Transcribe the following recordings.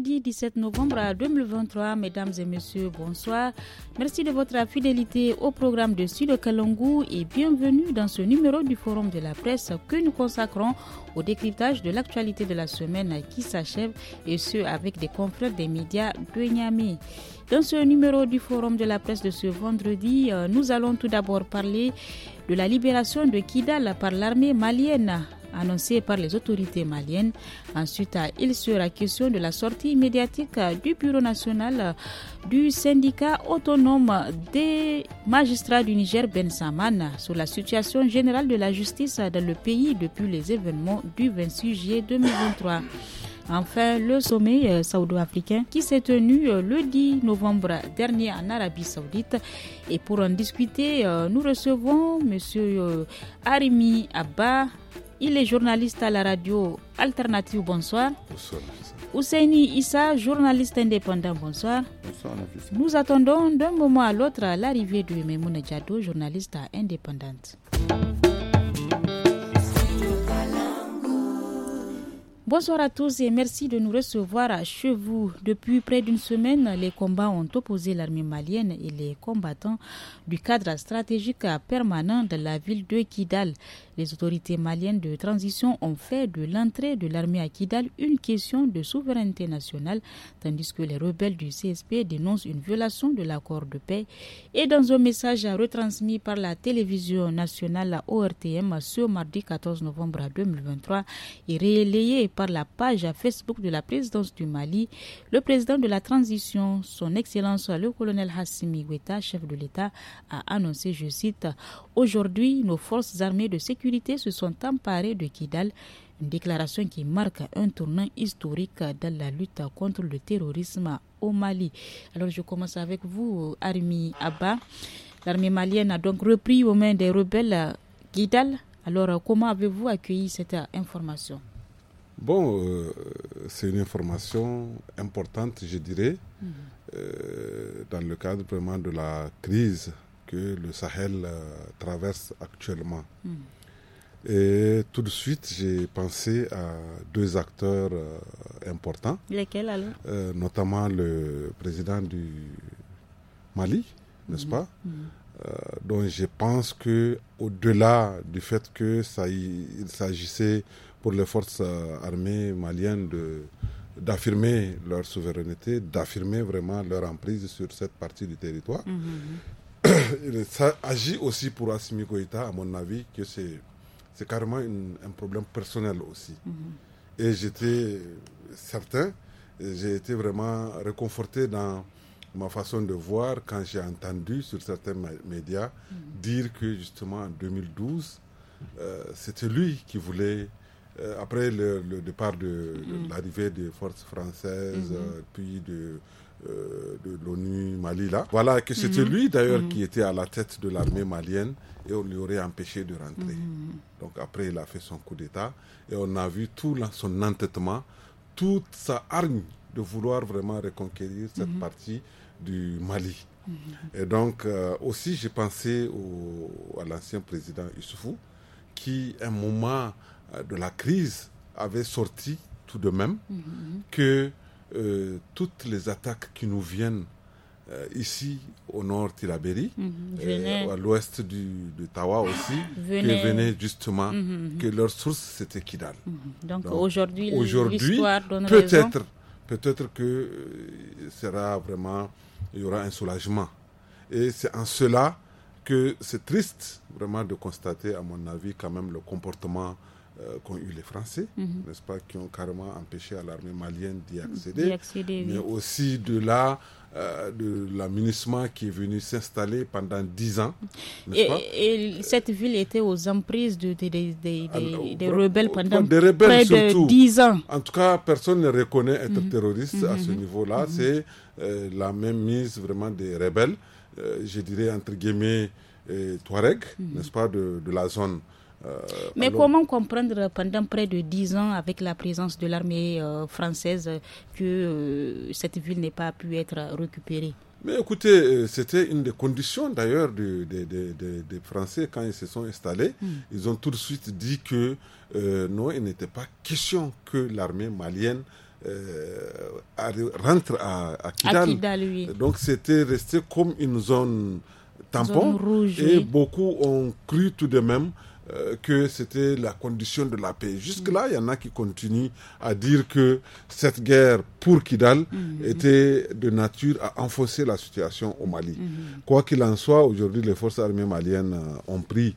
17 novembre 2023. Mesdames et messieurs, bonsoir. Merci de votre fidélité au programme de Sud Kalongou et bienvenue dans ce numéro du Forum de la presse que nous consacrons au décryptage de l'actualité de la semaine qui s'achève et ce avec des confrères des médias de Niamey. Dans ce numéro du Forum de la presse de ce vendredi, euh, nous allons tout d'abord parler de la libération de Kidal par l'armée malienne annoncée par les autorités maliennes. Ensuite, il sera question de la sortie médiatique du Bureau national du syndicat autonome des magistrats du Niger, Ben Saman, sur la situation générale de la justice dans le pays depuis les événements du 26 juillet 2023. Enfin, le sommet euh, saoudo-africain qui s'est tenu euh, le 10 novembre dernier en Arabie saoudite. Et pour en discuter, euh, nous recevons M. Arimi Abba, il est journaliste à la radio Alternative. Bonsoir. Bonsoir. Ousseini Issa, journaliste indépendant. Bonsoir. Bonsoir. Nous attendons d'un moment à l'autre l'arrivée de Memouna journaliste indépendante. Bonsoir à tous et merci de nous recevoir chez vous. Depuis près d'une semaine, les combats ont opposé l'armée malienne et les combattants du cadre stratégique permanent de la ville de Kidal. Les autorités maliennes de transition ont fait de l'entrée de l'armée à Kidal une question de souveraineté nationale, tandis que les rebelles du CSP dénoncent une violation de l'accord de paix. Et dans un message retransmis par la télévision nationale, la ORTM, ce mardi 14 novembre 2023 et relayé par la page Facebook de la présidence du Mali, le président de la transition, son Excellence le colonel Hassimi Guetta, chef de l'État, a annoncé, je cite, Aujourd'hui, nos forces armées de sécurité autorités se sont emparés de Kidal, une déclaration qui marque un tournant historique dans la lutte contre le terrorisme au Mali. Alors je commence avec vous, Armie Abba. L'armée malienne a donc repris aux mains des rebelles Kidal. Alors comment avez-vous accueilli cette information Bon, euh, c'est une information importante, je dirais, mhm. euh, dans le cadre vraiment de la crise que le Sahel euh, traverse actuellement. Mhm. Et tout de suite, j'ai pensé à deux acteurs euh, importants. Lesquels alors euh, Notamment le président du Mali, n'est-ce mhm. pas mhm. euh, donc je pense que au-delà du fait que ça il s'agissait pour les forces armées maliennes de d'affirmer leur souveraineté, d'affirmer vraiment leur emprise sur cette partie du territoire. Mhm, ça agit aussi pour Assimi Goïta, à mon avis, que c'est c'est carrément un problème personnel aussi. Mhm. Et j'étais certain, j'ai été vraiment réconforté dans ma façon de voir quand j'ai entendu sur certains médias mhm. dire que justement en 2012, euh, c'était lui qui voulait, euh, après le, départ de, mhm. l'arrivée des forces françaises, euh, puis de euh, de l'ONU Mali là. Voilà que c'était mhm. lui d'ailleurs mhm. qui était à la tête de l'armée malienne et on lui aurait empêché de rentrer. Mhm. Donc après il a fait son coup d'État et on a vu tout son entêtement, toute sa hargne de vouloir vraiment reconquérir cette partie du Mali. Et donc euh, aussi j'ai pensé au, à l'ancien président Issoufou qui à un moment euh, de la crise avait sorti tout de même que euh, toutes les attaques qui nous viennent euh, ici au nord de mm euh, à l'ouest de Tawa aussi, qui venaient justement, mhm, mhm, mhm. que leur source c'était Kidal. Donc, aujourd'hui, peut-être, peut-être que sera vraiment, il y aura un soulagement. Et c'est en cela que c'est triste vraiment de constater, à mon avis, quand même le comportement euh, qu'ont eu les Français, mhm. n'est-ce pas, qui ont carrément empêché à l'armée malienne d'y accéder, mais aussi de là euh, de l'amunissement qui est venu s'installer pendant dix ans. Et, cette ville était aux emprises de, des rebelles pendant près de dix ans. En tout cas, personne ne reconnaît être mhm. terroriste à ce mhm. niveau-là. C'est euh, la même mise vraiment des rebelles, je dirais entre guillemets, Touareg, n'est-ce pas, de, la zone euh, mais comment comprendre pendant près de dix ans, avec la présence de l'armée euh, française, que euh, cette ville n'ait pas pu être récupérée mais écoutez, c'était une des conditions d'ailleurs des, Français quand ils se sont installés. Hmm. Ils ont tout de suite dit que non, il n'était pas question que l'armée malienne rentre à, Kidal. Donc c'était resté comme une zone tampon. et beaucoup ont cru tout de même euh, que c'était la condition de la paix. Jusque-là, mm. il y en a qui continuent à dire que cette guerre pour Kidal mm. Mm. était de nature à enfoncer la situation au Mali. Quoi qu'il en soit, aujourd'hui, les forces armées maliennes euh, ont pris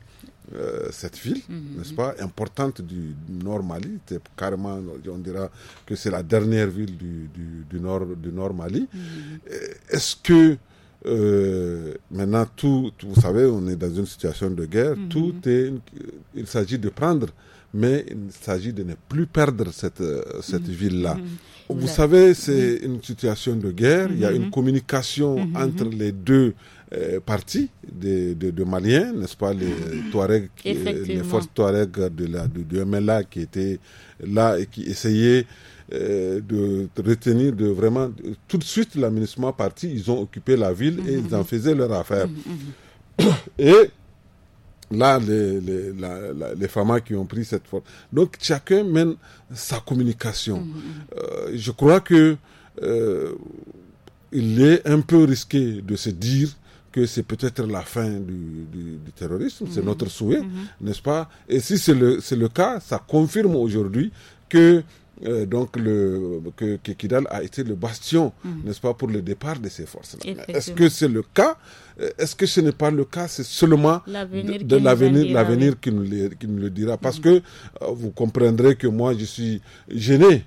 euh, cette ville, n'est-ce pas, importante du, nord Mali. Carrément, on dira que c'est la dernière ville du, nord, du nord Mali. Est-ce que euh, maintenant, tout, vous savez, on est dans une situation de guerre. Mhm. Tout est, il s'agit de prendre, mais il s'agit de ne plus perdre cette, euh, cette mhm. ville-là. Mhm. Vous savez, c'est une situation de guerre. Il y a une communication entre les deux euh, parties de, de, Maliens, n'est-ce pas, les Touareg, les forces Touareg de la de, de MLA qui étaient là et qui essayaient euh, de, retenir de vraiment euh, tout de suite la parti, ils ont occupé la ville et ils en faisaient leur affaire. Mhm, mhm, mhm. Et là, les, les, les qui ont pris cette forme. Donc, chacun mène sa communication. Euh, je crois que il est un peu risqué de se dire que c'est peut-être la fin du, terrorisme, c'est notre souhait, n'est-ce pas Et si c'est le, le, cas, ça confirme aujourd'hui que euh, donc le, que, a été le bastion, mhm. n'est-ce pas, pour le départ de ces forces-là. Est-ce que c'est le cas euh, Est-ce que ce n'est pas le cas C'est seulement de l'avenir l'avenir qui, nous le dira. Parce mhm. que euh, vous comprendrez que moi, je suis gêné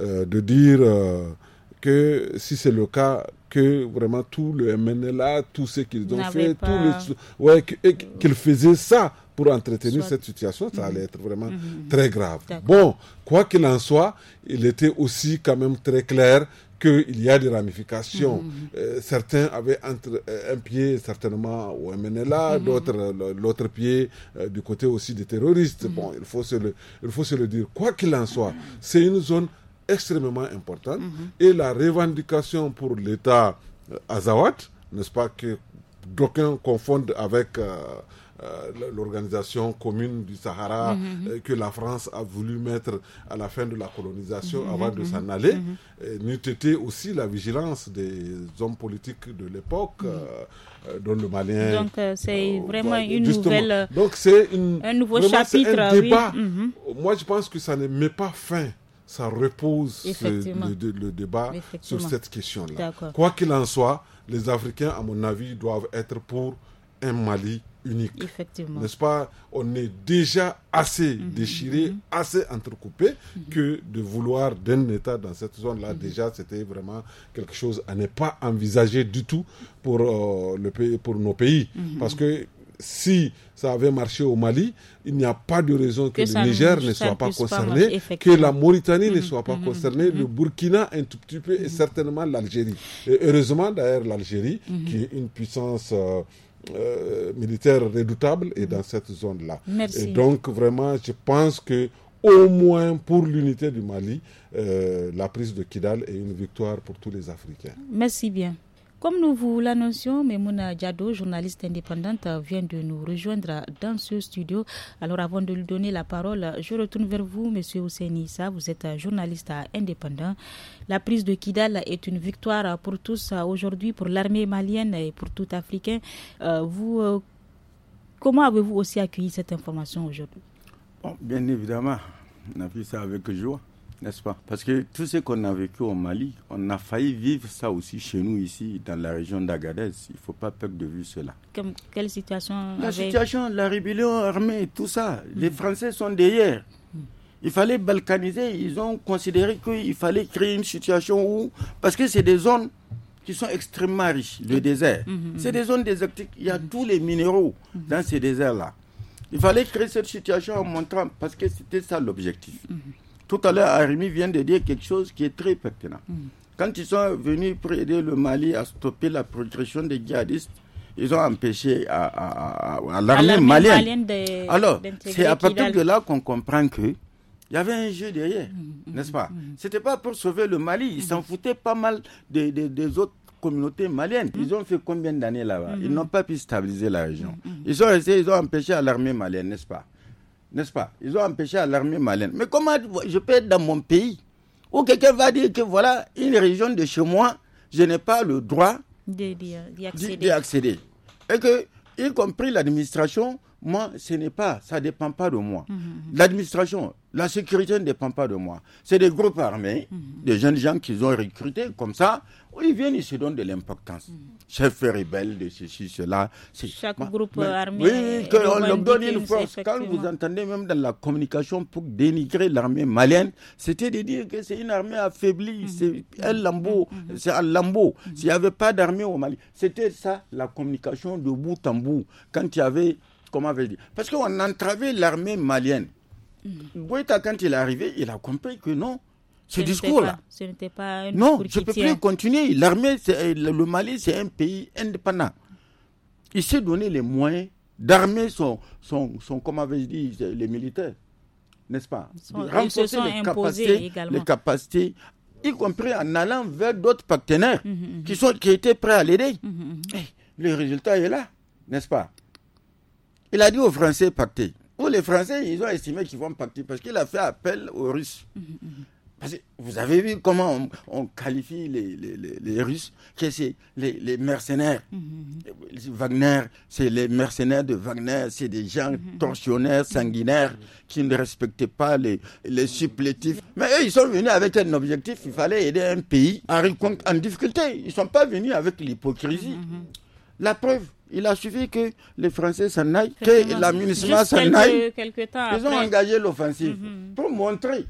de dire que si c'est le cas, que vraiment tout le MNLA, tout ce qu'ils ont fait, tout le, ouais, qu'ils faisaient ça pour entretenir cette situation, ça allait être vraiment mhm, mhm. très grave. Bon, quoi qu'il en soit, il était aussi quand même très clair qu'il y a des ramifications. Mhm, euh, certains avaient entre, euh, un pied certainement au MNLA, d'autres euh, l'autre pied du côté aussi des terroristes. Bon, il faut, se le, il faut se le dire. Quoi qu'il en soit, c'est une zone extrêmement importante. Mhm. Et la revendication pour l'État euh, Azawat, n'est-ce pas, que d'aucuns confondent avec euh, euh, l'organisation commune du Sahara mhm. que la France a voulu mettre à la fin de la colonisation mhm. avant de s'en aller, mm aussi la vigilance des hommes politiques de l'époque, dont le Malien. Donc c'est vraiment une nouvelle. Donc c'est un nouveau chapitre. Un débat. Moi je pense que ça ne met pas fin ça repose le, débat sur cette question-là. Quoi qu'il en soit, les Africains, à mon avis, doivent être pour un Mali unique. N'est-ce pas On est déjà assez mhm. déchiré, mhm. assez entrecoupé mhm. que de vouloir d'un État dans cette zone-là, déjà, c'était vraiment quelque chose à ne pas envisager du tout pour, euh, le pays, pour nos pays. Parce que si ça avait marché au Mali, il n'y a pas de raison que, le Niger ne soit pas concerné, que la Mauritanie ne mm-hmm. soit pas mm-hmm. concernée, le mm-hmm. Burkina un tout petit peu et certainement l'Algérie. heureusement d'ailleurs l'Algérie, qui est une puissance... Euh, euh, militaire redoutable est dans cette zone-là. Et donc vraiment, je pense que au moins pour l'unité du Mali, euh, la prise de Kidal est une victoire pour tous les Africains. Merci bien. Comme nous vous l'annoncions, Memouna Diado, journaliste indépendante, vient de nous rejoindre dans ce studio. Alors avant de lui donner la parole, je retourne vers vous, Monsieur Nissa. Vous êtes journaliste indépendant. La prise de Kidal est une victoire pour tous aujourd'hui, pour l'armée malienne et pour tout Africain. Euh, vous, euh, comment avez-vous aussi accueilli cette information aujourd'hui Bien évidemment, on a pris ça avec joie n'est-ce pas Parce que tout ce qu'on a vécu au Mali, on a failli vivre ça aussi chez nous, ici, dans la région d'Agadez. Il ne faut pas perdre de vue cela. Comme, quelle situation La situation, la rébellion armée, tout ça. Les Français sont derrière. Il fallait balkaniser. Ils ont considéré qu'il fallait créer une situation où. Parce que c'est des zones qui sont extrêmement riches, le mm-hmm. désert. Mm-hmm. c'est des zones désertiques. Il y a mm-hmm. tous les minéraux dans ces déserts-là. Il fallait créer cette situation en montrant. Parce que c'était ça l'objectif. Tout à l'heure, Arimi vient de dire quelque chose qui est très pertinent. Mm. Quand ils sont venus pour aider le Mali à stopper la progression des djihadistes, ils ont empêché à, l'armée malienne. Alors, c'est à partir de là qu'on comprend que il y avait un jeu derrière, mm, mm, n'est-ce pas Ce C'était pas pour sauver le Mali, ils s'en foutaient pas mal des, autres communautés maliennes. Ils ont fait combien d'années là-bas Ils n'ont pas pu stabiliser la région. Ils ont essayé, ils ont empêché l'armée malienne, n'est-ce pas n'est-ce pas Ils ont empêché l'armée malienne. Mais comment je peux être dans mon pays où quelqu'un va dire que voilà, une région de chez moi, je n'ai pas le droit d'y accéder. accéder. Et que, y compris l'administration, moi, ce n'est pas, ça ne dépend pas de moi. Mhm, mhm. L'administration, la sécurité ne dépend pas de moi. C'est des groupes armés, mhm. des jeunes gens qu'ils ont recrutés comme ça. Ils viennent, ils se donnent de l'importance. Mhm. Chef rebelle de ceci, cela. Chaque groupe armé. Oui, qu'on leur donne une force. Quand vous entendez même dans la communication pour dénigrer l'armée malienne, c'était de dire que c'est une armée affaiblie, mhm. c'est un lambeau, c'est un lambeau. S'il n'y avait pas d'armée au Mali, c'était ça la communication de bout en bout. Quand il y avait, comment avait dit Parce qu'on entravait l'armée malienne. Mm-hmm. Boïta, quand il est arrivé, il a compris que non, ce, discours-là. Non, je ne peux plus continuer. L'armée, euh, le Mali, c'est un pays indépendant. Il s'est donné les moyens d'armer son, son, comme avait dit, les militaires. N'est-ce pas ils les, capacités, également. les y compris en allant vers d'autres partenaires mm-hmm, mm-hmm. Qui, sont, qui étaient prêts à l'aider. Eh, le résultat est là, n'est-ce pas Il a dit aux Français pactés. Ou les Français, ils ont estimé qu'ils vont partir parce qu'il a fait appel aux Russes. Mmh, mmh, mmh. vous avez vu comment on, qualifie les, Russes, que c'est les, mercenaires. Wagner, c'est les mercenaires de Wagner, c'est des gens tensionnaires, sanguinaires, qui ne respectaient pas les, supplétifs. Mais eux, ils sont venus avec un objectif, il fallait aider un pays en, en difficulté. Ils ne sont pas venus avec l'hypocrisie. La preuve, il a suffi que les Français s'en aillent, que la municipalité s'en aille. temps Ils ont engagé l'offensive mhm. pour montrer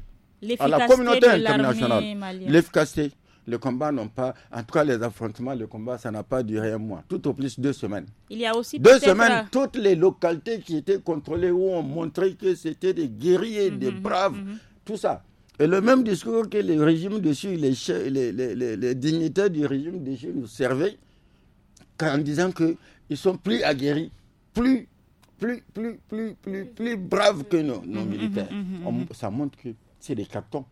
à la communauté internationale l'efficacité. Le combat n'ont pas, en tout cas les affrontements, le combat, ça n'a pas duré un mois, tout au plus deux semaines. Il y a aussi deux semaines, toutes les localités qui étaient contrôlées ont montré que c'était des guerriers, mhm, des braves, mhm. tout ça. Et le même discours que les régimes de les, les, les, les dignitaires du régime de Chine nous servaient, en disant que ils sont plus aguerris, plus, plus, plus, plus, plus, plus braves que nos, mmh, mmh, militaires. Mmh, ça montre que c'est des captons.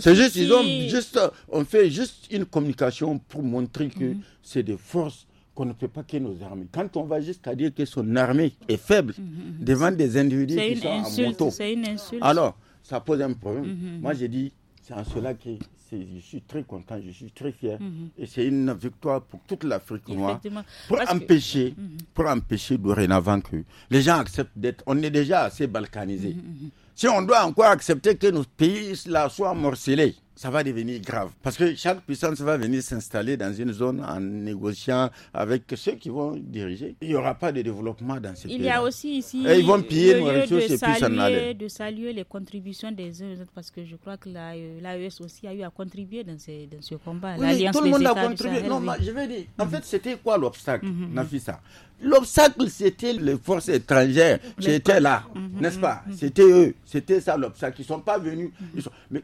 C'est juste, ils ont juste, on fait juste une communication pour montrer que c'est des forces qu'on ne peut pas que nos armées. Quand on va jusqu'à dire que son armée est faible devant des individus qui sont moto, une insulte. alors ça pose un problème. Moi, j'ai dit c'est en cela que je suis très content, je suis très fier. Mhm. Et c'est une victoire pour toute l'Afrique noire. Pour empêcher, mhm. pour empêcher dorénavant que les gens acceptent d'être. On est déjà assez balkanisés. Mhm, si on doit encore accepter que nos pays là soient morcelés, ça va devenir grave. Parce que chaque puissance va venir s'installer dans une zone en négociant avec ceux qui vont diriger. Il n'y aura pas de développement dans ce pays. Il y a aussi ici. Et ils vont piller nos ressources et puis s'en aller. de saluer les contributions des uns autres, parce que je crois que euh, l'AES aussi a eu à contribuer dans ce, dans ce combat. Oui, tout le monde a contribué. Non, je veux dire, en fait, c'était quoi l'obstacle, mhm, mhm. Nafisa L'obstacle, c'était les forces étrangères qui étaient là, mhm, n'est-ce pas C'était eux, c'était ça l'obstacle. Ils ne sont pas venus. Mais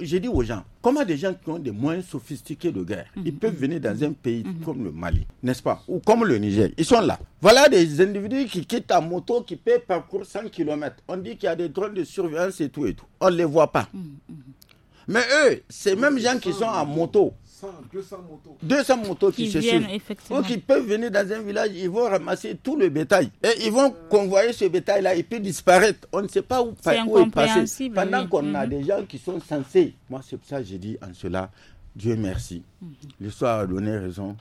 j'ai dit aux comment des gens qui ont des moyens sophistiqués de guerre, mhm. ils peuvent mhm. venir dans un pays mhm. comme le Mali, n'est-ce pas Ou comme le Niger, ils sont là. Voilà des individus qui quittent à moto, qui peuvent parcourir 100 km. On dit qu'il y a des drones de surveillance et tout et tout. On ne les voit pas. Mais eux, ces mêmes gens qui sont à moto, 200 motos. qui, se viennent, effectivement. Donc, ils peuvent venir dans un village, ils vont ramasser tout le bétail. Et ils vont euh. convoyer ce bétail-là et puis disparaître. On ne sait pas où, ils où est passé. Pendant qu'on a mhm. des gens qui sont censés. Moi, c'est pour ça que j'ai dit en cela, Dieu merci. Mhm. L'histoire a donné raison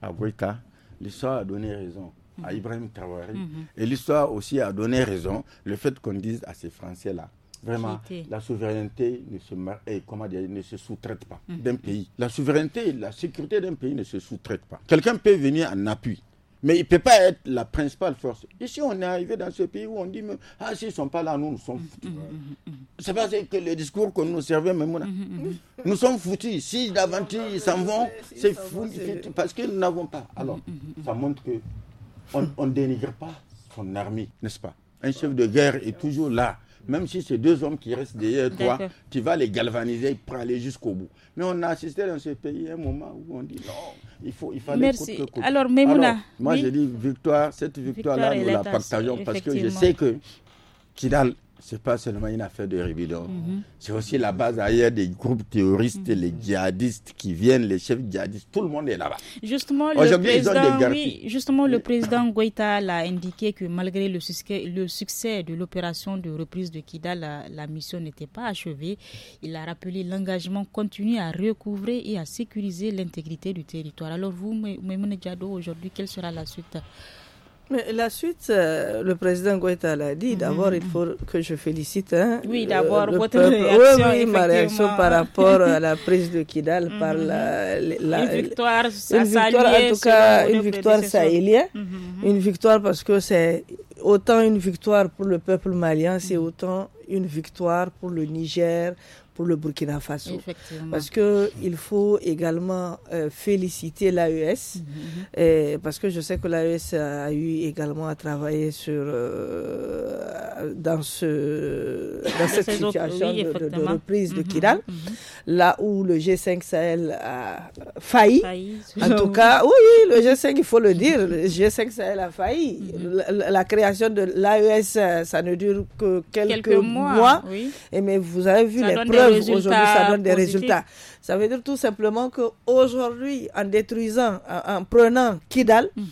à Boïka. L'histoire a donné raison à mhm. Ibrahim Tawari. Et l'histoire aussi a donné raison, le fait qu'on dise à ces Français-là, Vraiment, la souveraineté ne se, eh, comment ne se sous-traite pas mhm. d'un pays. La souveraineté, la sécurité d'un pays ne se sous-traite pas. Quelqu'un peut venir en appui. Mais il ne peut pas être la principale force. Ici, on est arrivé dans ce pays où on dit, ah, s'ils ne sont pas là, nous, nous sommes foutus. Mhm, mhm, c'est parce que le discours qu'on nous servait, même là. Nous sommes foutus. Si d'aventure ils s'en vont, c'est fou. parce que nous n'avons pas. Alors, ça montre que ne on dénigre pas son armée, n'est-ce pas Un chef de guerre est toujours là même si c'est deux hommes qui restent derrière toi, tu vas les galvaniser pour aller jusqu'au bout. Mais on a assisté dans ce pays à un moment où on dit non, il, faut, il fallait Merci. Coûte que coûte. Alors, même moi, je dis victoire, cette victoire-là, nous la partageons parce que je sais que Kidal c'est pas seulement une affaire de rébellion. Mhm. C'est aussi la base arrière des groupes terroristes, les mhm. djihadistes qui viennent, les chefs djihadistes, tout le monde est là-bas. Justement, le président, oui, justement, le président l'a indiqué que malgré le succès, de l'opération de reprise de Kidal, la, mission n'était pas achevée. Il a rappelé l'engagement continu à recouvrer et à sécuriser l'intégrité du territoire. Alors vous, Mme Diado, aujourd'hui, quelle sera la suite la suite, euh, le président Goueta l'a dit. Mhm. D'abord, il faut que je félicite. Hein, oui, euh, d'abord, votre peuple. ma réaction par rapport à la prise de Kidal mhm. par la, Une victoire, une en tout cas, une victoire sahélienne. Mhm, une victoire parce que c'est autant une victoire pour le peuple malien, c'est autant une victoire pour le Niger, pour le Burkina Faso. Parce que il faut également euh, féliciter l'AES, mhm, mhm. parce que je sais que l'AES a eu également à travailler sur euh, dans ce dans cette situation de, reprise de mhm, Kidal, là où le G5 Sahel a failli. en tout cas, oui, le G5, il faut le dire, le G5 Sahel a failli. La, création de l'AES, ça ne dure que quelques, mois. Et mais vous avez vu les preuves aujourd'hui, ça donne des résultats. Ça veut dire tout simplement qu'aujourd'hui, en détruisant, en, prenant Kidal, mhm.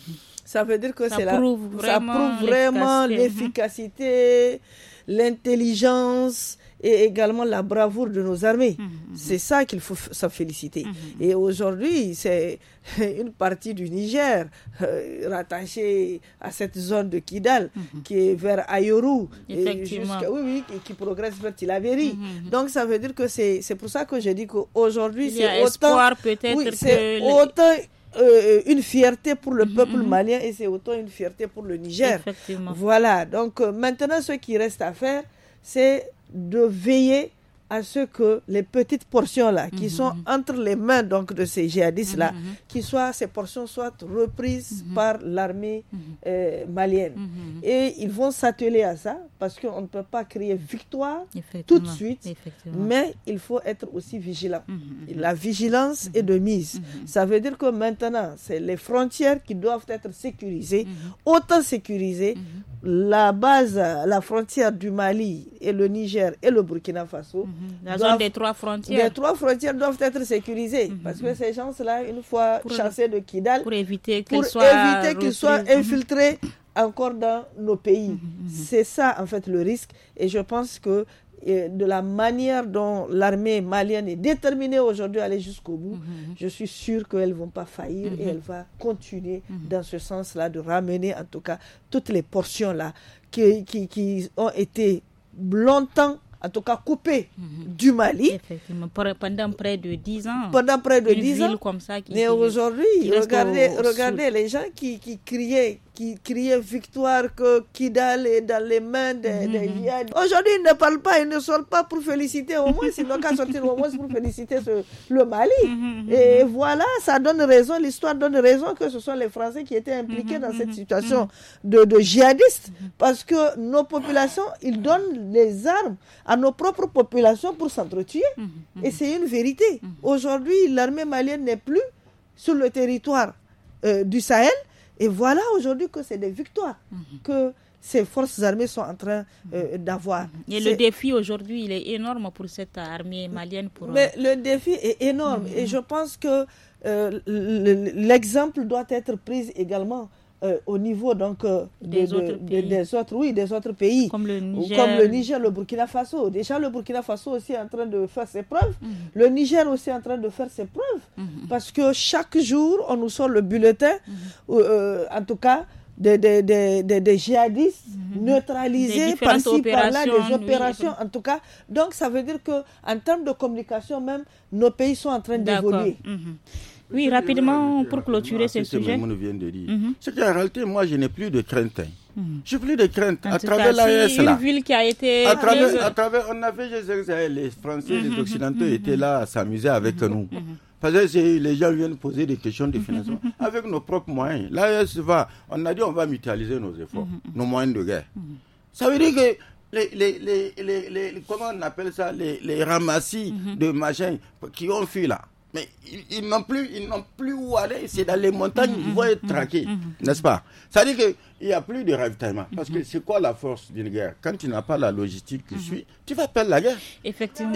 ça veut dire que c'est la, ça prouve vraiment l'efficacité, l'intelligence et également la bravoure de nos armées. Mmh, mmh, mmh. C'est ça qu'il faut s'en féliciter. Et aujourd'hui, c'est une partie du Niger euh, rattachée à cette zone de Kidal qui est vers Ayoru et, jusqu'à, oui, oui, qui progresse vers Tilaveri. Donc ça veut dire que c'est, c'est pour ça que j'ai dit qu'aujourd'hui, c'est autant, autant euh, euh, une fierté pour le peuple malien et c'est autant une fierté pour le Niger. Voilà, donc maintenant ce qui reste à faire, c'est de veiller à ce que les petites portions là, qui mhm, sont mhm. entre les mains donc de ces djihadistes là, mhm, que soient ces portions soient reprises par l'armée euh, malienne. Et ils vont s'atteler à ça parce qu'on ne peut pas créer victoire tout de suite, mais il faut être aussi vigilant. La vigilance est de mise. Ça veut dire que maintenant, c'est les frontières qui doivent être sécurisées, autant sécurisées. La base, la frontière du Mali et le Niger et le Burkina Faso Mhm. La zone des trois frontières. Les trois frontières doivent être sécurisées mhm. parce que ces gens-là, une fois chassés de Kidal, pour éviter qu'ils soient, mhm. infiltrés encore dans nos pays. C'est ça, en fait, le risque. Et je pense que eh, de la manière dont l'armée malienne est déterminée aujourd'hui à aller jusqu'au bout, je suis sûre qu'elles ne vont pas faillir et elle va continuer dans ce sens-là de ramener en tout cas toutes les portions-là qui, qui ont été longtemps en tout cas coupé du Mali. Effectivement, pendant près de 10 ans. Pendant près de 10 ans. comme ça qui, Mais aujourd'hui, regardez, les gens qui, qui criaient qui criait victoire que Kidal est dans les mains des, mhm. djihadistes. Aujourd'hui, ils ne parlent pas, ils ne sortent pas pour féliciter au moins, sinon qu'à sortir au moins pour féliciter le Mali. Mhm, mhm, Et voilà, ça donne raison, l'histoire donne raison que ce sont les Français qui étaient impliqués dans cette situation de, djihadistes, parce que nos populations, ils donnent les armes à nos propres populations pour s'entretuer. Et c'est une vérité. Aujourd'hui, l'armée malienne n'est plus sur le territoire euh, du Sahel, et voilà aujourd'hui que c'est des victoires mhm. que ces forces armées sont en train euh, mhm. d'avoir. Mhm. Et le défi aujourd'hui, il est énorme pour cette armée malienne. Pour... Mais euh, le défi est énorme et je pense que euh, l'exemple doit être pris également euh, au niveau donc euh, des, autres des, autres oui, des autres pays. Comme le Niger. Comme le Niger, le Burkina Faso. Déjà, le Burkina Faso aussi est en train de faire ses preuves. Mhm. Le Niger aussi en train de faire ses preuves. Mhm. Parce que chaque jour, on nous sort le bulletin, mhm. euh, en tout cas, des, des, djihadistes neutralisés par-ci, par-là, des opérations, en tout cas. Donc, ça veut dire que en termes de communication même, nos pays sont en train d'évoluer. Oui, rapidement, pour clôturer ce sujet. Mhm. C'est qu'en réalité, moi, je n'ai plus de crainte. Hein. Mhm. Je n'ai plus de crainte. à travers l'AES, là. une ville qui a été. À travers, on avait, les Français, les mhm. Occidentaux étaient là à s'amuser avec nous. Parce que les gens viennent poser des questions de financement avec nos propres moyens. L'AES va, on a dit on va mutualiser nos efforts, nos moyens de guerre. Ça veut dire que les, les, comment on appelle ça, les, les ramassis de machins qui ont fui là. Mais ils, n'ont plus, ils n'ont plus où aller. C'est dans les montagnes, qu'ils mmh, vont mmh, être mmh, traqués, n'est-ce pas Ça dit dire que il n'y a plus de ravitaillement. Parce que mhm. c'est quoi la force d'une guerre Quand tu n'as pas la logistique qui mhm. suit, tu vas perdre la guerre. Effectivement.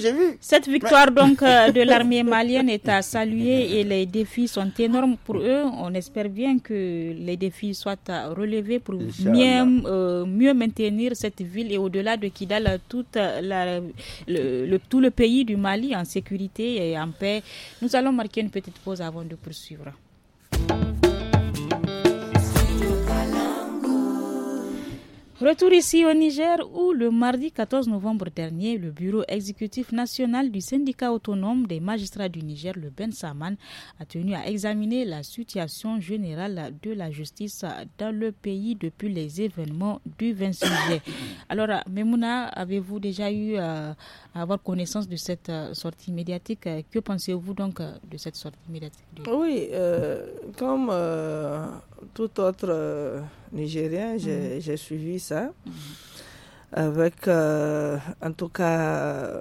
j'ai vu. Cette victoire donc euh, de l'armée malienne est à saluer et les défis sont énormes pour eux. On espère bien que les défis soient relevés pour euh, mieux, maintenir cette ville et au-delà de Kidal, toute tout le pays du Mali en sécurité et en paix. Nous allons marquer une petite pause avant de poursuivre. Retour ici au Niger où le mardi 14 novembre dernier, le bureau exécutif national du syndicat autonome des magistrats du Niger, le Ben Saman, a tenu à examiner la situation générale de la justice dans le pays depuis les événements du 26 juillet. Alors, Memouna, avez-vous déjà eu euh, avoir connaissance de cette euh, sortie médiatique. Euh, que pensez-vous donc euh, de cette sortie médiatique Oui, comme tout autre Nigérien, mhm. j'ai suivi ça. Mhm. Avec, en tout cas,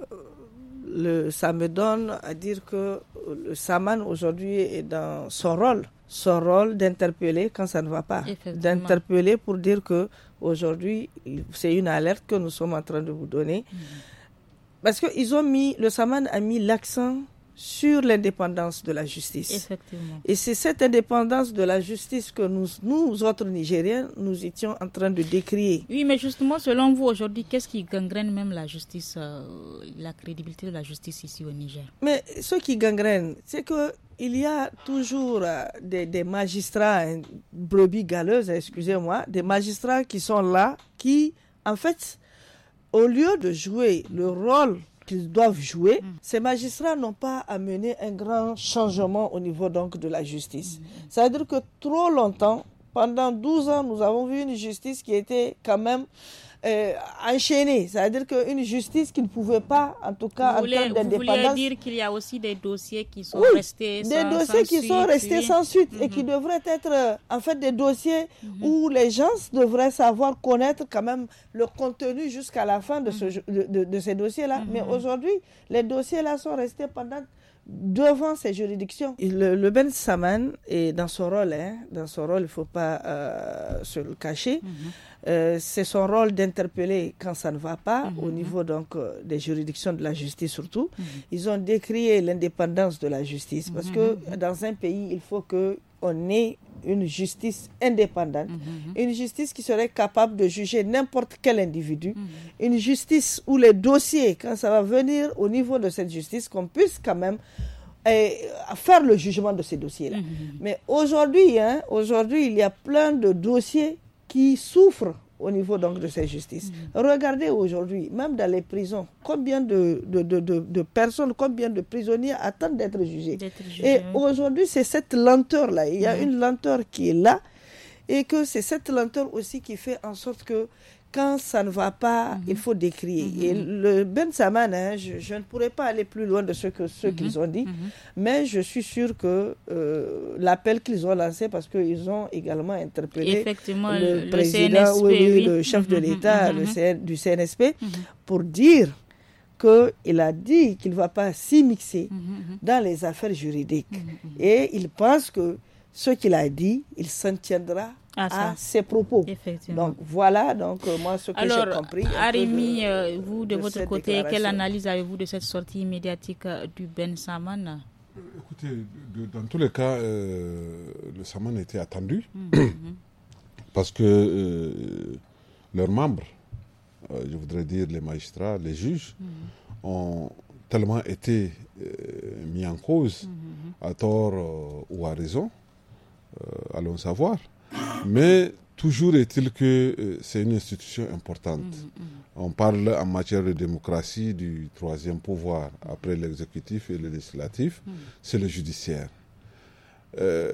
le, ça me donne à dire que le Saman aujourd'hui est dans son rôle son rôle d'interpeller quand ça ne va pas, d'interpeller pour dire que aujourd'hui c'est une alerte que nous sommes en train de vous donner. Mhm. Parce qu'ils ont mis, le Saman a mis l'accent sur l'indépendance de la justice. Effectivement. Et c'est cette indépendance de la justice que nous, nous autres Nigériens, nous étions en train de décrier. Oui, mais justement, selon vous, aujourd'hui, qu'est-ce qui gangrène même la justice, euh, la crédibilité de la justice ici au Niger Mais ce qui gangrène, c'est que il y a toujours euh, des, des, magistrats, hein, brebis galeuses, excusez-moi, des magistrats qui sont là, qui, en fait, au lieu de jouer le rôle qu'ils doivent jouer, mm. ces magistrats n'ont pas amené un grand changement au niveau donc de la justice. C'est-à-dire mm. que trop longtemps, pendant 12 ans, nous avons vu une justice qui était quand même euh, enchaîné. C'est-à-dire qu'une justice qui ne pouvait pas, en tout cas, en termes d'indépendance. Vous voulez dire qu'il y a aussi des dossiers qui sont sans restés des dossiers qui sont restés sans suite et qui mhm. devraient être, euh, en fait, des dossiers mhm. où les gens devraient savoir connaître quand même le contenu jusqu'à la fin de, ce, mhm. de, ces dossiers-là. Mais aujourd'hui, les dossiers-là sont restés pendant devant ces juridictions. Le, Ben Saman est dans son rôle, hein, dans son rôle, il ne faut pas euh, se le cacher. Mhm. Euh, c'est son rôle d'interpeller quand ça ne va pas mhm. au niveau donc euh, des juridictions de la justice surtout. Mhm. Ils ont décrié l'indépendance de la justice parce que dans un pays il faut que on ait une justice indépendante, mhm. une justice qui serait capable de juger n'importe quel individu, mhm. une justice où les dossiers, quand ça va venir au niveau de cette justice, qu'on puisse quand même eh, faire le jugement de ces dossiers-là. Mhm. Mais aujourd'hui, hein, aujourd'hui, il y a plein de dossiers qui souffrent au niveau donc de cette justice. Mm-hmm. Regardez aujourd'hui, même dans les prisons, combien de, de, personnes, combien de prisonniers attendent d'être jugés. Et aujourd'hui, c'est cette lenteur-là. Il y a mm-hmm. une lenteur qui est là et que c'est cette lenteur aussi qui fait en sorte que quand ça ne va pas, il mhm. faut décrire. Mhm. Et le Ben Saman, hein, je, ne pourrais pas aller plus loin de ce qu'ils mhm. ont dit, mais je suis sûr que euh, l'appel qu'ils ont lancé, parce qu'ils ont également interpellé le, président, ou le chef de l'État du CNSP, pour dire qu'il a dit qu'il ne va pas s'y mixer dans les affaires juridiques. Et il pense que ce qu'il a dit, il s'en tiendra à, ses propos. Donc voilà, donc euh, moi ce que j'ai compris. Arimi, euh, vous de, votre côté, quelle analyse avez-vous de cette sortie médiatique euh, du Ben Saman Écoutez, dans tous les cas, le Saman était attendu mm-hmm. parce que leurs membres, je voudrais dire les magistrats, les juges, mm-hmm. ont tellement été mis en cause, mm-hmm. à tort ou à raison, allons savoir. Mais toujours est-il que euh, c'est une institution importante. Mm, mm, mm. On parle en matière de démocratie du troisième pouvoir, après l'exécutif et le législatif, c'est le judiciaire. Euh,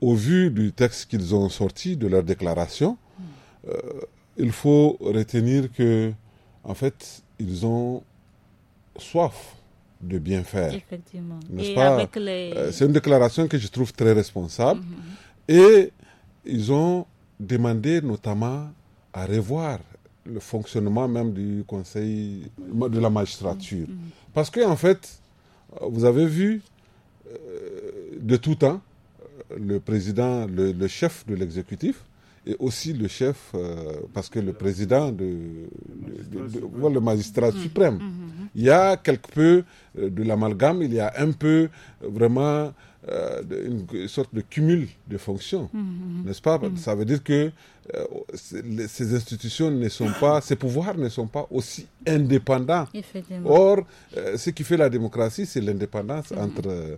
au vu du texte qu'ils ont sorti, de leur déclaration, euh, il faut retenir que, en fait, ils ont soif de bien faire. Effectivement. C'est une déclaration que je trouve très responsable. Et ils ont demandé notamment à revoir le fonctionnement même du conseil de la magistrature. Mm-hmm. Parce que en fait, vous avez vu euh, de tout temps le président, le, chef de l'exécutif et aussi le chef, euh, parce que le président le magistrat mm-hmm. suprême, mm-hmm. il y a quelque peu euh, de l'amalgame, il y a un peu vraiment euh, une sorte de cumul de fonctions, hum, hum, hum. n'est-ce pas Ça veut dire que euh, ces institutions ne sont pas, ces pouvoirs ne sont pas aussi indépendants. Or, euh, ce qui fait la démocratie, c'est l'indépendance entre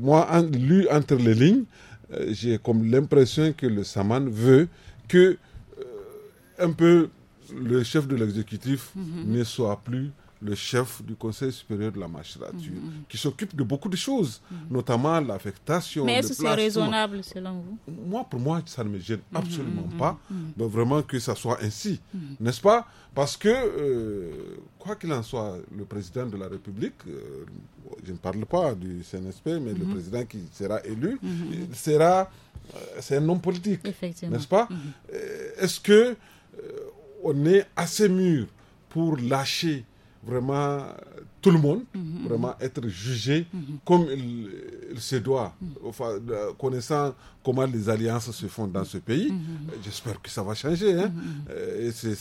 moi, lu entre les lignes, j'ai comme l'impression que le Saman veut que un peu le chef de l'exécutif ne soit plus le chef du Conseil supérieur de la magistrature, mm-hmm. qui s'occupe de beaucoup de choses, mm-hmm. notamment l'affectation. Mais est-ce que c'est raisonnable selon vous Moi, pour moi, ça ne me gêne mm-hmm. absolument pas, vraiment que ça soit ainsi, n'est-ce pas Parce que, euh, quoi qu'il en soit, le président de la République, euh, je ne parle pas du CNSP, mais le président qui sera élu, sera, euh, c'est un homme politique, n'est-ce pas Est-ce que on est assez mûr pour lâcher vraiment tout le monde, mhm, mhm. vraiment être jugé mhm. comme il, se doit, enfin, connaissant comment les alliances se font dans ce pays. Euh, j'espère que ça va changer. Hein. Euh, c'est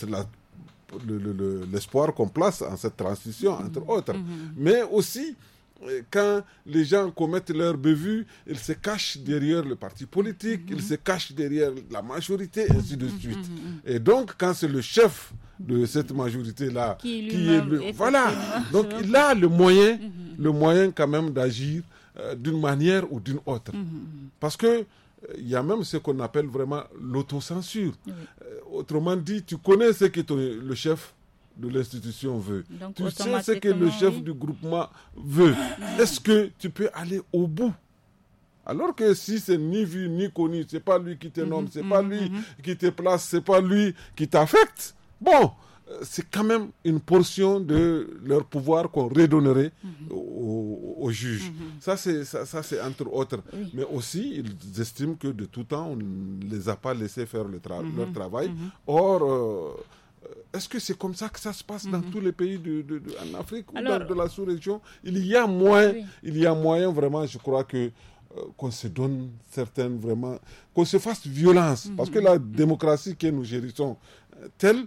l'espoir qu'on place en cette transition, entre autres. Mais aussi, quand les gens commettent leur bévue, ils se cachent derrière le parti politique, ils se cachent derrière la majorité, et ainsi de suite. Mm, mm, mm, et donc, quand c'est le chef de cette majorité-là qui, est le... Voilà Donc, il a le moyen, le moyen quand même d'agir euh, d'une manière ou d'une autre. Parce que euh, il y a même ce qu'on appelle vraiment l'autocensure. Euh, autrement dit, tu connais ce que le chef de l'institution veut. Donc, tu sais ce que le chef du groupement veut. Est-ce que tu peux aller au bout alors que si c'est ni vu ni connu, c'est pas lui qui te mm-hmm, nomme, c'est pas lui mm-hmm, mm-hmm. qui te place, c'est pas lui qui t'affecte. Bon, euh, c'est quand même une portion de leur pouvoir qu'on redonnerait au juge. Ça, c'est ça, c'est entre autres. Mais aussi, ils estiment que de tout temps, on ne les a pas laissés faire leur travail. Or, euh, euh, est-ce que c'est comme ça que ça se passe dans mhm. tous les pays de, en Afrique ou dans, de la sous-région Il y a moyen, il y a moyen vraiment, je crois que euh, qu'on se donne certaines vraiment, qu'on se fasse violence, mhm. parce que la démocratie que nous gérissons, euh, telle,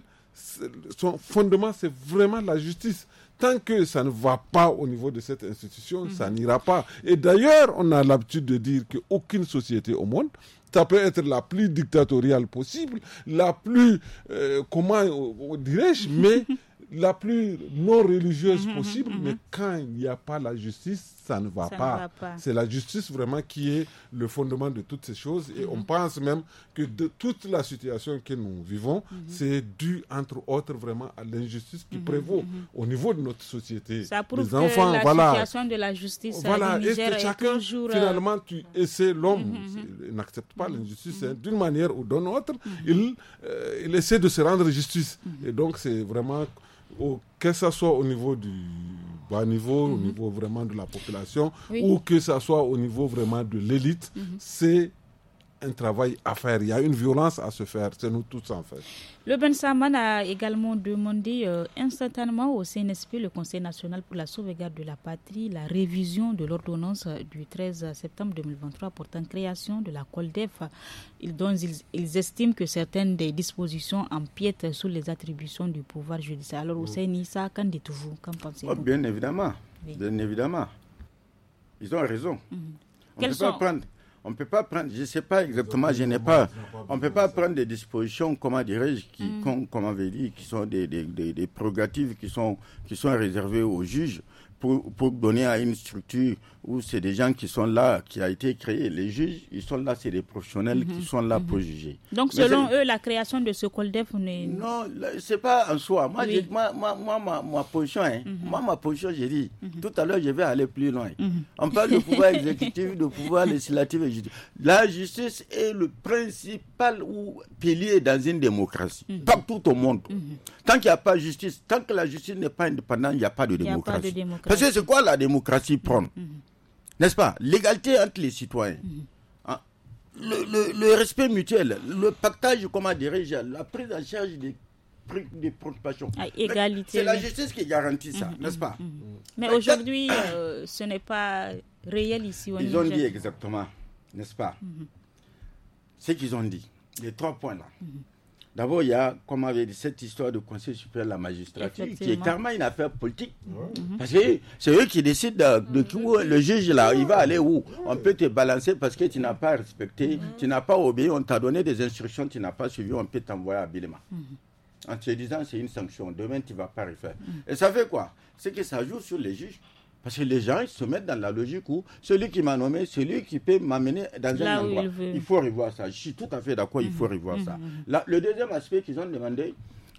son fondement, c'est vraiment la justice. Tant que ça ne va pas au niveau de cette institution, ça mhm. n'ira pas. Et d'ailleurs, on a l'habitude de dire qu'aucune société au monde ça peut être la plus dictatoriale possible, la plus, euh, comment euh, dirais-je, mais la plus non religieuse mmh, mmh, possible, mmh, mais quand il n'y a pas la justice, ça ne va pas. C'est la justice vraiment qui est le fondement de toutes ces choses. Et on pense même que de toute la situation que nous vivons, c'est dû, entre autres, vraiment à l'injustice qui prévaut au niveau de notre société. Ça enfants, la voilà. situation de la justice, voilà. et hein, que chacun, euh, finalement, tu essaies l'homme, n'accepte pas mm-hmm. l'injustice mm-hmm. hein. d'une manière ou d'une autre. Il, euh, il, essaie de se rendre justice. Mm-hmm. Et donc, c'est vraiment, que ce soit au niveau du bas niveau, au niveau vraiment de la population, ou que ce soit au niveau vraiment de l'élite, c'est un travail à faire, il y a une violence à se faire, c'est nous tous en fait. Le Ben Saman a également demandé euh, instantanément au CNSP, le Conseil national pour la sauvegarde de la patrie, la révision de l'ordonnance du 13 septembre 2023 portant création de la COLDEF, dont ils, ils, estiment que certaines des dispositions empiètent sur les attributions du pouvoir judiciaire. Alors, au ça qu'en dites-vous vous oh, Bien évidemment, bien évidemment. Ils ont raison. Mm -hmm. On peut sont... prendre on ne peut pas prendre, je ne sais pas exactement, je n'ai pas, on ne peut pas prendre des dispositions, comment dirais-je, qui, mm. comme, on avait dit, qui sont des, des, des, qui sont, qui sont réservées aux juges pour, pour donner à une structure où c'est des gens qui sont là, qui a été créés, Les juges, ils sont là, c'est des professionnels qui mhm. sont là mhm. pour juger. Donc, selon eux, la création de ce COLDEF n'est... Non, c'est pas en soi. Moi, ma, position, j'ai dit, mhm. tout à l'heure, je vais aller plus loin. On parle de pouvoir exécutif, de pouvoir législatif et La justice est le principal ou pilier dans une démocratie, tout au monde. Tant qu'il n'y a pas justice, tant que la justice n'est pas indépendante, il n'y a, a, pas de démocratie. Parce que c'est quoi la démocratie prendre n'est-ce pas L'égalité entre les citoyens. Mm-hmm. Ah. Le, respect mutuel, le pactage comment des je la prise en charge des, préoccupations. Ah, c'est la justice qui garantit ça, mm-hmm. n'est-ce pas mm-hmm. Mais aujourd'hui, euh, ce n'est pas réel ici Ils ont dit exactement, n'est-ce pas Ce qu'ils ont dit, les trois points là. D'abord, il y a, comme avait dit, cette histoire du Conseil supérieur de la magistrature, qui est carrément une affaire politique. Mhm. Parce que c'est eux qui décident de, qui mhm. le juge là, il va aller où. On peut te balancer parce que tu n'as pas respecté, tu n'as pas obéi, on t'a donné des instructions, tu n'as pas suivi, on peut t'envoyer habilement. Mhm. En te disant, c'est une sanction, demain tu ne vas pas refaire. Et ça fait quoi C'est que ça joue sur les juges. Parce que les gens, ils se mettent dans la logique où celui qui m'a nommé, celui qui peut m'amener dans un endroit. Il, faut revoir ça. Je suis tout à fait d'accord, il faut mhm. revoir ça. Mhm. le deuxième aspect qu'ils ont demandé,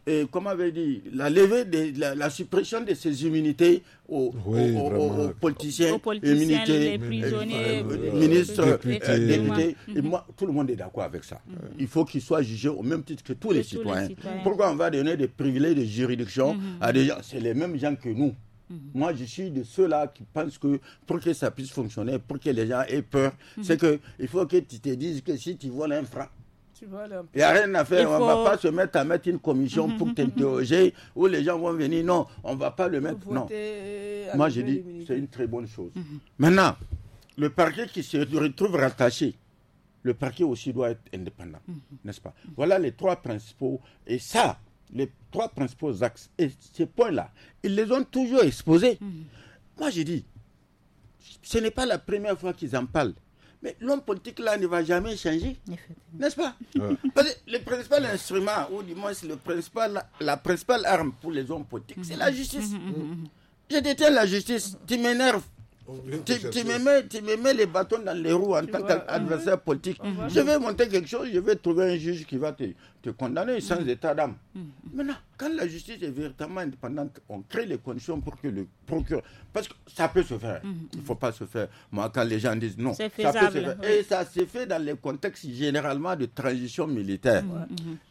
et comme avait dit, la levée, de, la, suppression de ces immunités aux, politiciens, aux, politiciens, immunités, ministres, Et tout le monde est d'accord avec ça. Mhm. Il faut qu'ils soient jugés au même titre que tous, les, citoyens. Pourquoi on va donner des privilèges de juridiction à des gens C'est les mêmes gens que nous. Mhm. Moi, je suis de ceux-là qui pensent que pour que ça puisse fonctionner, pour que les gens aient peur, mhm. c'est qu'il faut que tu te dises que si tu vois un il n'y a rien à faire. On ne va pas se mettre à mettre une commission mhm. pour t'interroger où les gens vont venir. Non, on ne va pas le mettre. non. Moi, je dis, c'est une très bonne chose. Maintenant, le parquet qui se retrouve rattaché, le parquet aussi doit être indépendant, n'est-ce pas Voilà les trois principaux. Et ça, les trois principaux axes. Et ces points-là, ils les ont toujours exposés. Hmm. Moi, j'ai dit, ce n'est pas la première fois qu'ils en parlent. Mais l'homme politique là ne va jamais changer, n'est-ce pas Parce que le principal instrument, ou du moins le principal, la, principale arme pour les hommes politiques, c'est la hmm. justice. Hmm, je détiens la justice, tu m'énerves. Tu, me mets, tu, me mets, les bâtons dans les roues en tant qu'adversaire politique. Je vais monter quelque chose, je vais trouver un juge qui va te tu condamner condamné sans mm. état d'âme. Mm. Mm. Maintenant, quand la justice est véritablement indépendante, on crée les conditions pour que le procureur. Parce que ça peut se faire. Il ne faut pas se faire. Moi, quand les gens disent non, ça peut se faire. Et ça s'est fait dans les contextes généralement de transition militaire.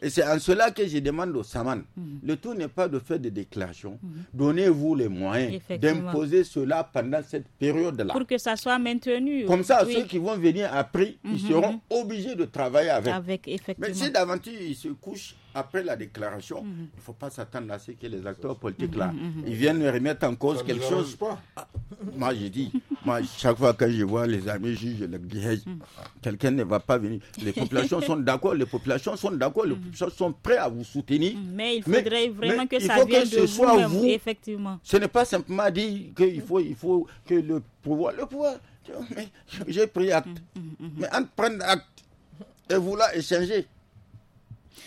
Et c'est en cela que je demande aux Saman. Le tout n'est pas de faire des déclarations. Donnez-vous les moyens d'imposer cela pendant cette période-là. Pour que ça soit maintenu. Comme ça, ceux qui vont venir après, ils mm-hmm, seront mm-hmm. obligés de travailler avec. avec effectivement. Mais si d'aventure se après la déclaration. Mhm. Il ne faut pas s'attendre à ce que les acteurs mhm. politiques là, mhm. ils viennent remettre en cause quelque chose. Ah, moi, je dis, moi, chaque fois que je vois les amis juges, je le quelqu'un ne va pas venir. Les populations sont d'accord, les populations sont d'accord, les populations sont prêts à vous soutenir. Mais il faudrait vraiment que ça vienne de soit vous. Effectivement. Ce n'est pas simplement dire qu'il faut, il faut que le pouvoir, le pouvoir. J'ai pris acte. Mais en prendre acte et vouloir échanger,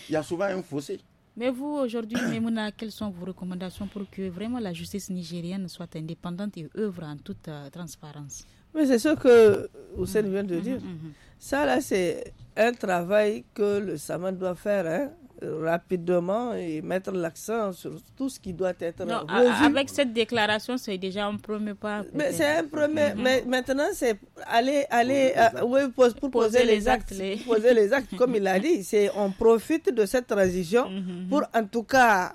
il y a souvent un fossé. Mais vous, aujourd'hui, Memouna, quelles sont vos recommandations pour que vraiment la justice nigérienne soit indépendante et œuvre en toute euh, transparence Mais c'est ce que Hussein mmh. vient de mmh. dire. Mmh. Ça, là, c'est un travail que le SAMAN doit faire. Hein rapidement et mettre l'accent sur tout ce qui doit être Avec cette déclaration, c'est déjà un premier pas. Mais c'est un premier. Mm. Mais maintenant, c'est aller, aller, euh, pour, poser, les actes, poser les actes, comme il a dit. C'est on profite de cette transition mhm. pour en tout cas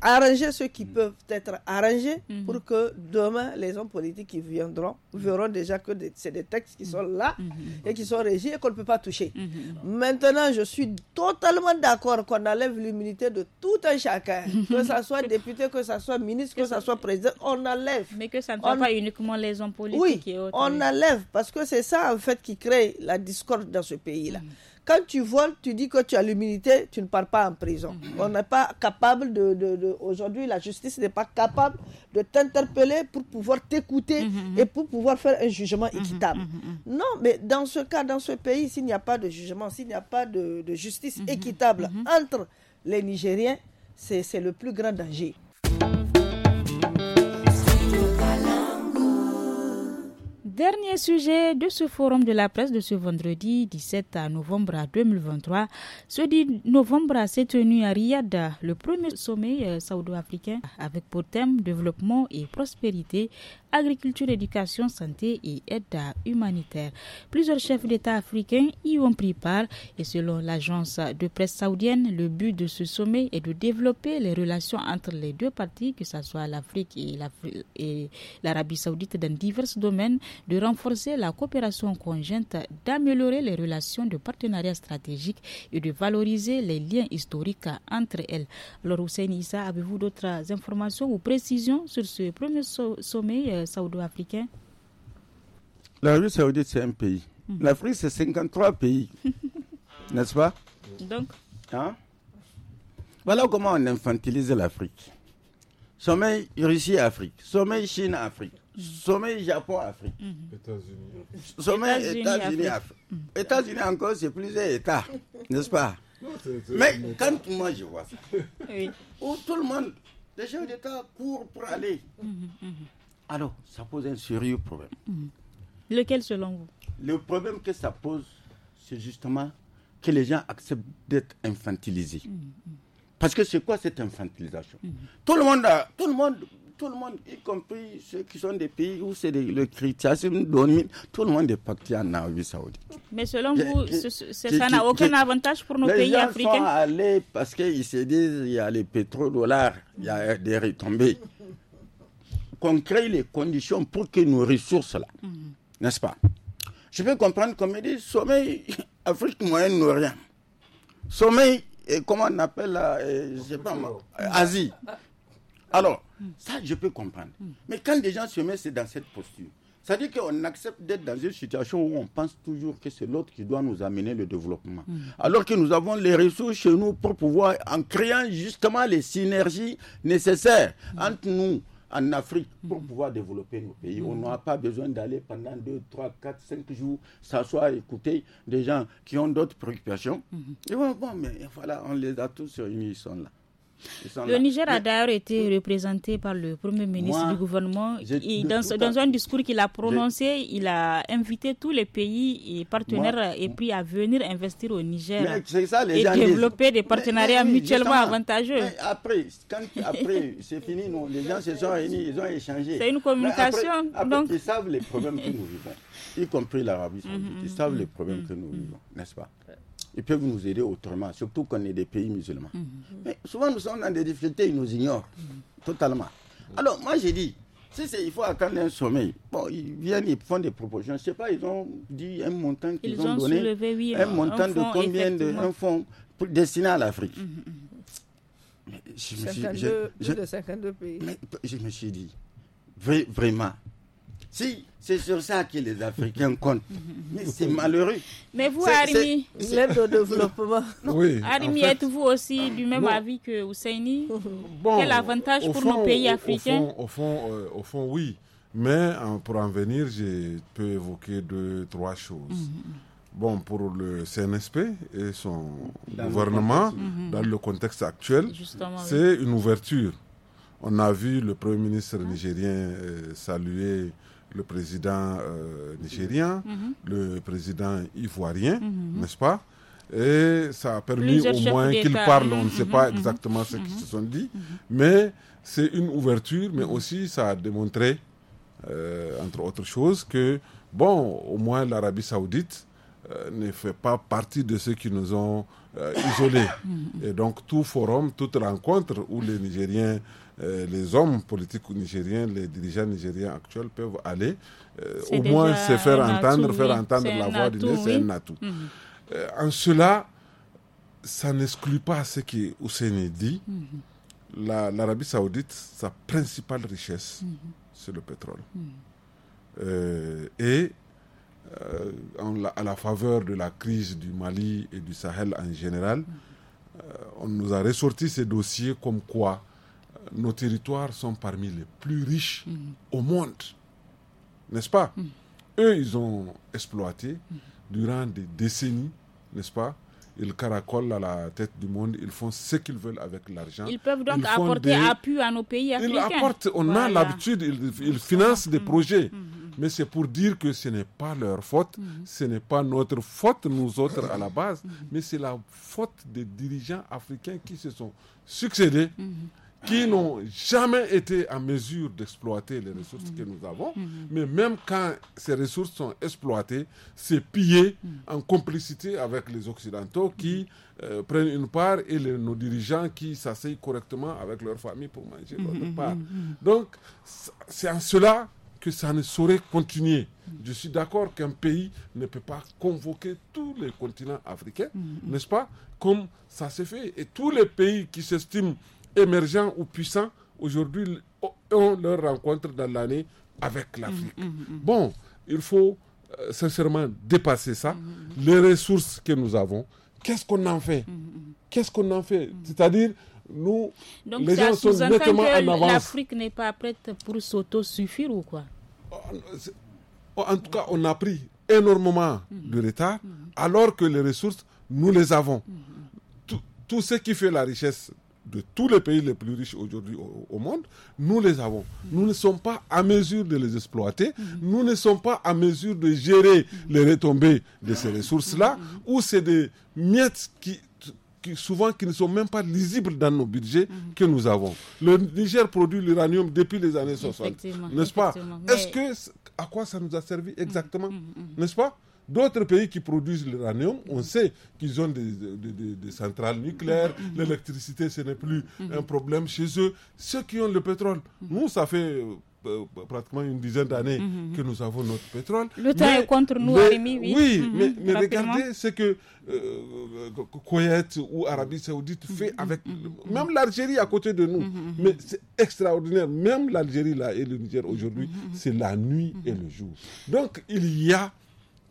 arranger ceux qui mm. peuvent être arrangés mm-hmm. pour que demain les hommes politiques qui viendront mm. verront déjà que c'est des textes qui sont là mm-hmm. et qui sont régis et qu'on ne peut pas toucher. Mm-hmm. Maintenant, je suis totalement d'accord qu'on enlève l'immunité de tout un chacun, que ce soit député, que ce soit ministre, que, ce soit président, on enlève. Mais que ça ne soit pas uniquement les hommes politiques oui, et On enlève parce que c'est ça en fait qui crée la discorde dans ce pays-là. Quand tu voles, tu dis que tu as l'humilité, tu ne pars pas en prison. Mhm. On n'est pas capable de. Aujourd'hui, la justice n'est pas capable de t'interpeller pour pouvoir t'écouter mhm, mhm. et pour pouvoir faire un jugement équitable. Non, mais dans ce cas, dans ce pays, s'il n'y a pas de jugement, s'il n'y a pas de, de justice équitable entre les Nigériens, c'est le plus grand danger. Dernier sujet de ce forum de la presse de ce vendredi 17 novembre 2023. Ce 10 novembre s'est tenu à Riyad le premier sommet euh, saoudo-africain avec pour thème développement et prospérité agriculture, éducation, santé et aide humanitaire. Plusieurs chefs d'État africains y ont pris part et selon l'agence de presse saoudienne, le but de ce sommet est de développer les relations entre les deux parties, que ce soit l'Afrique et l'Arabie saoudite dans divers domaines, de renforcer la coopération conjointe, d'améliorer les relations de partenariat stratégique et de valoriser les liens historiques entre elles. Alors, Hussein Issa, avez-vous d'autres informations ou précisions sur ce premier sommet euh, saoudo-africain L'Arabie saoudite, c'est un pays. Hmm. L'Afrique, c'est 53 pays. N'est-ce pas Donc hein? Voilà comment on infantilise l'Afrique. Sommeil Russie-Afrique. Sommeil Chine-Afrique. Hmm. Sommeil Japon-Afrique. Hmm. États unis sommeil états unis afrique états unis encore, c'est plusieurs États. N'est-ce pas Mais quand moi je vois ça, où tout le monde, les chefs d'État courent pour aller. Alors, ça pose un sérieux problème. Mm. Lequel selon vous Le problème que ça pose, c'est justement que les gens acceptent d'être infantilisés. Mm, mm. Parce que c'est quoi cette infantilisation Tout le monde, a, tout le monde, tout le monde, y compris ceux qui sont des pays où c'est le christianisme domine, tout le monde est parti en Arabie Saoudite. Mais selon vous, ça n'a aucun avantage pour nos pays africains. parce qu'ils se disent il y a les pétrodollars, il y a des retombées qu'on crée les conditions pour que nos ressources-là, mhm. n'est-ce pas Je peux comprendre qu'on me dit sommeil, Afrique moyenne rien. Sommeil, comment on appelle, là, euh, je sais pas Asie. Bah. Alors, mhm. ça, je peux comprendre. Mhm. Mais quand des gens se mettent dans cette posture, ça veut dire qu'on accepte d'être dans une situation où on pense toujours que c'est l'autre qui doit nous amener le développement. Alors que nous avons les ressources chez nous pour pouvoir, en créant justement les synergies nécessaires entre nous, en Afrique pour pouvoir développer nos pays. On n'aura pas besoin d'aller pendant 2, 3, 4, 5 jours s'asseoir, et écouter des gens qui ont d'autres préoccupations. Et bon, bon, mais voilà, on les a tous réunis, ils sont là. Le Niger a d'ailleurs été représenté par le Premier ministre du gouvernement. Et dans, un discours qu'il a prononcé, il a invité tous les pays et partenaires et à venir investir au Niger et développer des partenariats mutuellement avantageux. après, c'est fini, les gens se sont réunis, ils ont échangé. C'est une communication. donc... Ils savent les problèmes que nous vivons, y compris l'Arabie saoudite. Mhm, ils savent mhm, les problèmes mhm, que nous vivons, n'est-ce pas ils peuvent nous aider autrement, surtout qu'on est des pays musulmans. Mhm. Mais souvent, nous sommes dans des difficultés, ils nous ignorent mhm. totalement. Alors, moi, j'ai dit, si il faut attendre un sommeil, bon, ils viennent, ils font des propositions. Je ne sais pas, ils ont dit un montant qu'ils ont, donné, un montant de combien de, un fonds destiné à l'Afrique. je, je me suis dit, vraiment, si, c'est sur ça que les Africains comptent. Mais c'est malheureux. Mais vous, Arimi, l'aide développement. Arimi, êtes-vous aussi du même avis que Ousseini Quel avantage pour nos pays africains au fond, euh, au, fond, oui. Mais hein, pour en venir, je peux évoquer deux, trois choses. Mhm. Bon, pour le CNSP et son gouvernement, mhm. dans le contexte actuel, c'est une ouverture. On a vu le Premier ministre ah. nigérien euh, saluer le président euh, nigérien, mhm. le président ivoirien, mhm. Mhm. n'est-ce pas et ça a permis au moins qu'ils parlent. On ne sait pas exactement ce qu'ils se sont dit, mais c'est une ouverture, mais aussi ça a démontré, euh, entre autres choses, que, bon, au moins l'Arabie saoudite euh, ne fait pas partie de ceux qui nous ont isolés. Et donc tout forum, toute rencontre où les Nigériens euh, les hommes politiques nigériens, les dirigeants nigériens actuels peuvent aller, euh, au moins se faire entendre, faire entendre la voix du nez, c'est un atout. Mhm. Euh, en cela, ça n'exclut pas ce que Hussein dit. Mhm. L'Arabie saoudite, sa principale richesse, mhm. c'est le pétrole. et à la faveur de la crise du Mali et du Sahel en général, on nous a ressorti ces dossiers comme quoi nos territoires sont parmi les plus riches mm. au monde. N'est-ce pas mm. Eux, ils ont exploité mm. durant des décennies, n'est-ce pas ils caracolent à la tête du monde, ils font ce qu'ils veulent avec l'argent. Ils peuvent donc apporter appui à nos pays africains. Ils apportent, on a l'habitude, ils, financent des projets. Mais c'est pour dire que ce n'est pas leur faute, ce n'est pas notre faute, nous autres, à la base, mais c'est la faute des dirigeants africains qui se sont succédés qui n'ont jamais été en mesure d'exploiter les ressources mm-hmm. que nous avons. Mm-hmm. Mais même quand ces ressources sont exploitées, c'est pillé mm-hmm. en complicité avec les Occidentaux qui euh, prennent une part et nos dirigeants qui s'asseyent correctement avec leurs familles pour manger leur part. Donc, c'est en cela que ça ne saurait continuer. Je suis d'accord qu'un pays ne peut pas convoquer tous les continents africains, n'est-ce pas Comme ça s'est fait. Et tous les pays qui s'estiment émergents ou puissants, aujourd'hui, ont leur rencontre dans l'année avec mmh, l'Afrique. Mmh, mmh, bon, il faut euh, sincèrement dépasser ça. Les ressources que nous avons, qu'est-ce qu'on en fait Qu'est-ce qu'on en fait C'est-à-dire, nous, les gens sont nettement en avance. L'Afrique n'est pas prête pour s'auto-suffire ou quoi oh, En tout cas, on a pris énormément de retard, alors que les ressources, nous les avons. tout ce qui fait la richesse de tous les pays les plus riches aujourd'hui au, monde, nous les avons. Nous ne sommes pas à mesure de les exploiter, mhm. nous ne sommes pas à mesure de gérer mhm. les retombées de ces mhm. ressources-là, ou c'est des miettes qui souvent qui ne sont même pas lisibles dans nos budgets que nous avons. Le Niger produit l'uranium depuis les années 60, n'est-ce pas Est-ce que à quoi ça nous a servi exactement, n'est-ce pas D'autres pays qui produisent l'uranium, on sait qu'ils ont des, centrales nucléaires, mm-hmm. l'électricité, ce n'est plus mm-hmm. un problème chez eux. Ceux qui ont le pétrole, mm-hmm. nous, ça fait euh, euh, pratiquement une dizaine d'années que nous avons notre pétrole. Le temps est contre nous, mais, oui. mais, regardez ce que euh, ou Arabie Saoudite fait avec. Même l'Algérie à côté de nous. Mais c'est extraordinaire. Même l'Algérie là et le Niger aujourd'hui, c'est la nuit et le jour. Donc il y a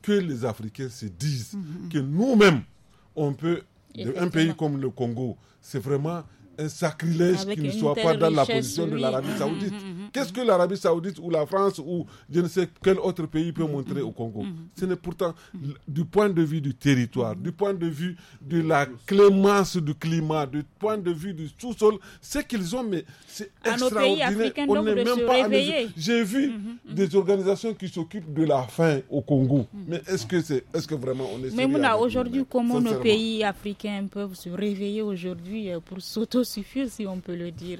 que les Africains se disent mm-hmm. que nous-mêmes, on peut, un pays comme le Congo, c'est vraiment un sacrilège qui ne soit pas dans la position de l'Arabie Saoudite. Mhm, mhm, mhm. Qu'est-ce que l'Arabie Saoudite ou la France ou je ne sais quel autre pays peut montrer au Congo Ce n'est pourtant du point de vue du territoire, du point de vue de la clémence du climat, du point de vue du sous-sol, ce qu'ils ont, mais c'est extraordinaire. On n'est même pas J'ai vu des organisations qui s'occupent de la faim au Congo. Mais est-ce que c'est, est-ce que vraiment on est Mais aujourd'hui, comment nos pays africains peuvent se réveiller aujourd'hui euh, pour s'auto suffire si on peut le dire.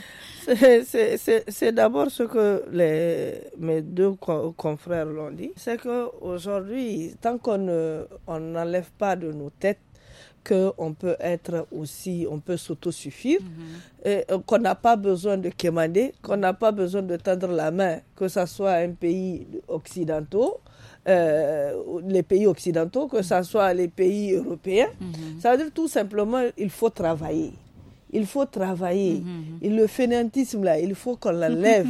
c'est d'abord ce que les, mes deux confrères l'ont dit. C'est qu'aujourd'hui, tant qu'on n'enlève pas de nos têtes qu'on peut être aussi, on peut s'autosuffire, suffire mm-hmm. euh, qu'on n'a pas besoin de quémander, qu'on n'a pas besoin de tendre la main, que ce soit un pays occidentaux, euh, les pays occidentaux, que ce mm-hmm. soit les pays européens. Mm-hmm. Ça veut dire tout simplement, il faut travailler il faut travailler. Mhm, mhm. Et le fénantisme, là, il faut qu'on l'enlève.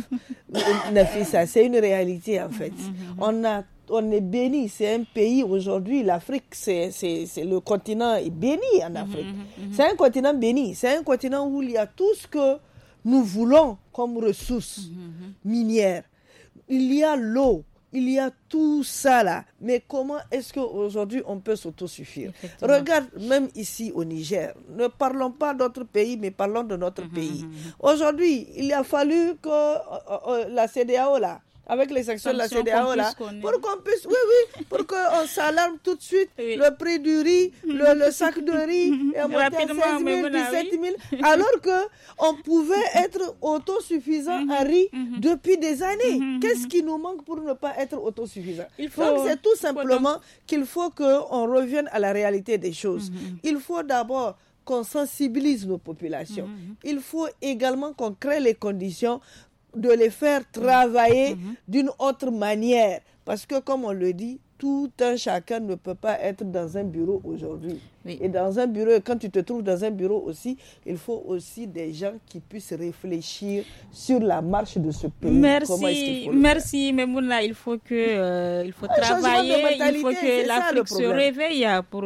ça, c'est une réalité, en fait. Mhm, on a on est béni, c'est un pays aujourd'hui, l'Afrique, c'est le continent est béni en Afrique. C'est un continent béni, c'est un continent où il y a tout ce que nous voulons comme ressources minières. Il y a l'eau, il y a tout ça là. Mais comment est-ce qu'aujourd'hui on peut s'autosuffire Regarde, même ici au Niger, ne parlons pas d'autres pays, mais parlons de notre hum, hum, pays. Hum, aujourd'hui, il a fallu que euh, euh, la CDAO là, avec les sanctions de la CDAO, là, pour qu'on puisse, oui, oui, pour qu'on s'alarme tout de suite, le prix du riz, mm-hmm. le, sac de riz est monté à 16 000, 17 000, alors que on pouvait mm-hmm. être autosuffisant mm-hmm. à riz depuis des années. Qu'est-ce qui nous manque pour ne pas être autosuffisant Il faut, Donc, c'est tout simplement qu'il faut qu'on revienne à la réalité des choses. Il faut d'abord qu'on sensibilise nos populations. Il faut également qu'on crée les conditions de les faire mm. travailler mm-hmm. d'une autre manière. Parce que, comme on le dit, tout un chacun ne peut pas être dans un bureau aujourd'hui. Et dans un bureau, quand tu te trouves dans un bureau aussi, il faut aussi des gens qui puissent réfléchir sur la marche de ce pays. Merci, merci Memouna. Il faut que, euh, il faut travailler, il faut que l'Afrique se réveille pour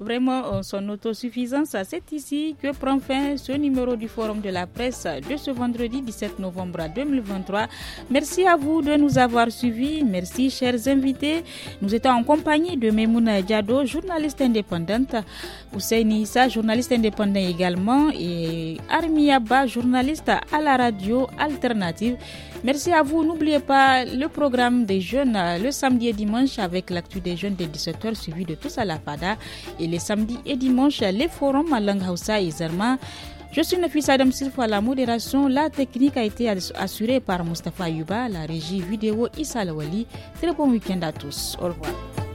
vraiment euh, son autosuffisance. C'est ici que prend fin ce numéro du Forum de la presse de ce vendredi 17 novembre 2023. Merci à vous de nous avoir suivis. Merci, chers invités. Nous étions en compagnie de Memouna Diado, journaliste indépendante. Ousseini Issa, journaliste indépendant également, et Armiyaba, journaliste à la radio alternative. Merci à vous. N'oubliez pas le programme des jeunes euh, le samedi et dimanche avec l'actu des jeunes des 17h suivi de tous à la FADA et les samedis et dimanches les forums à Langhausa et Zerma. Je suis fils Adam Silfo à la modération. La technique a été assurée par Mustafa Yuba, la régie vidéo Issa Lawali. Très bon week-end à tous. Au revoir.